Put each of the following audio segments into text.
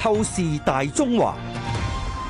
透視大中華，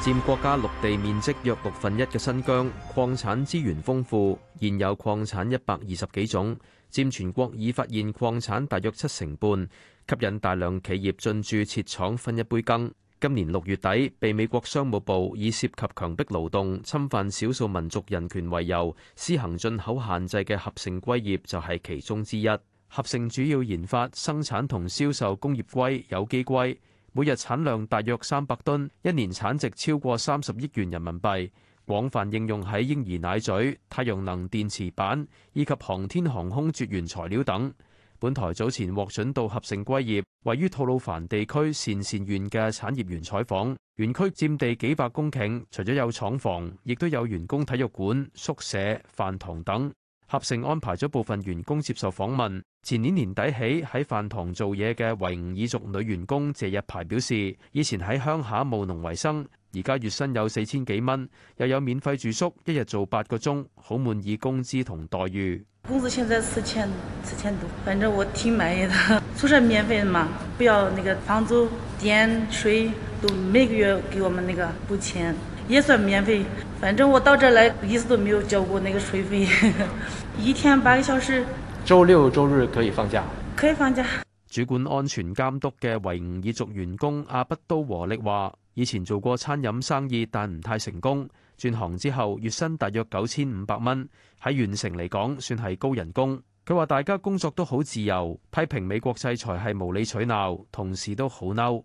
佔國家陸地面積約六分一嘅新疆，礦產資源豐富，現有礦產一百二十幾種，佔全國已發現礦產大約七成半，吸引大量企業進駐設廠分一杯羹。今年六月底，被美國商務部以涉及強迫勞動、侵犯少數民族人權為由，施行進口限制嘅合成硅業就係其中之一。合成主要研發、生產同銷售工業硅、有機硅。每日產量大約三百噸，一年產值超過三十億元人民幣，廣泛應用喺嬰兒奶嘴、太陽能電池板以及航天航空絕緣材料等。本台早前獲准到合成硅業位於吐魯番地區鄯善縣嘅產業園採訪，園區佔地幾百公頃，除咗有廠房，亦都有員工體育館、宿舍、飯堂等。合盛安排咗部分員工接受訪問。前年年底起喺飯堂做嘢嘅維吾爾族女員工謝日排表示，以前喺鄉下務農為生，而家月薪有四千幾蚊，又有免費住宿，一日做八個鐘，好滿意工資同待遇。工資現在四千四千多，反正我挺滿意的。宿舍免費嘛，不要那個房租、電、水都每個月給我們那個補錢。不錢也算免費，反正我到這兒來一次都沒有交過那個稅費， 一天八個小時，週六週日可以放假，可以放假。主管安全監督嘅維吾爾族員工阿不都和力話：以前做過餐飲生意，但唔太成功，轉行之後月薪大約九千五百蚊，喺縣城嚟講算係高人工。佢話大家工作都好自由，批評美國制裁係無理取鬧，同事都好嬲。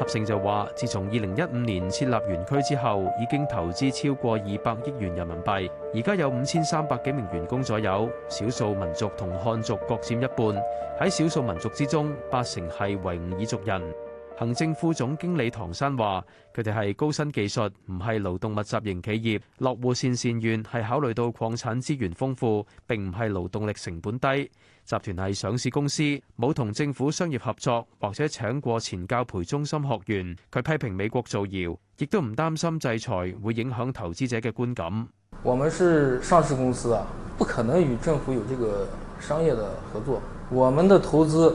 合盛就話，自從二零一五年設立園區之後，已經投資超過二百億元人民幣，而家有五千三百幾名員工左右，少數民族同漢族各佔一半，喺少數民族之中，八成係維吾爾族人。行政副總經理唐生話：佢哋係高新技術，唔係勞動密集型企業。落戶鄯善縣係考慮到礦產資源豐富，並唔係勞動力成本低。集團係上市公司，冇同政府商業合作或者請過前教培中心學員。佢批評美國造謠，亦都唔擔心制裁會影響投資者嘅觀感。我們是上市公司啊，不可能與政府有這個商業的合作。我們的投資。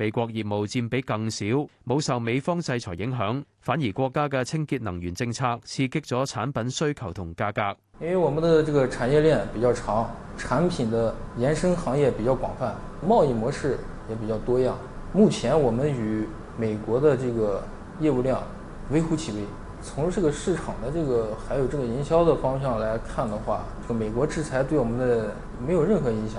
美國業務佔比更少，冇受美方制裁影響，反而國家嘅清潔能源政策刺激咗產品需求同價格。因為我們的這個產業鏈比較長，產品的延伸行業比較廣泛，貿易模式也比較多樣。目前我們與美國的這個業務量微乎其微。從這個市場的這個還有這個營銷的方向來看的話，這個美國制裁對我們的沒有任何影響。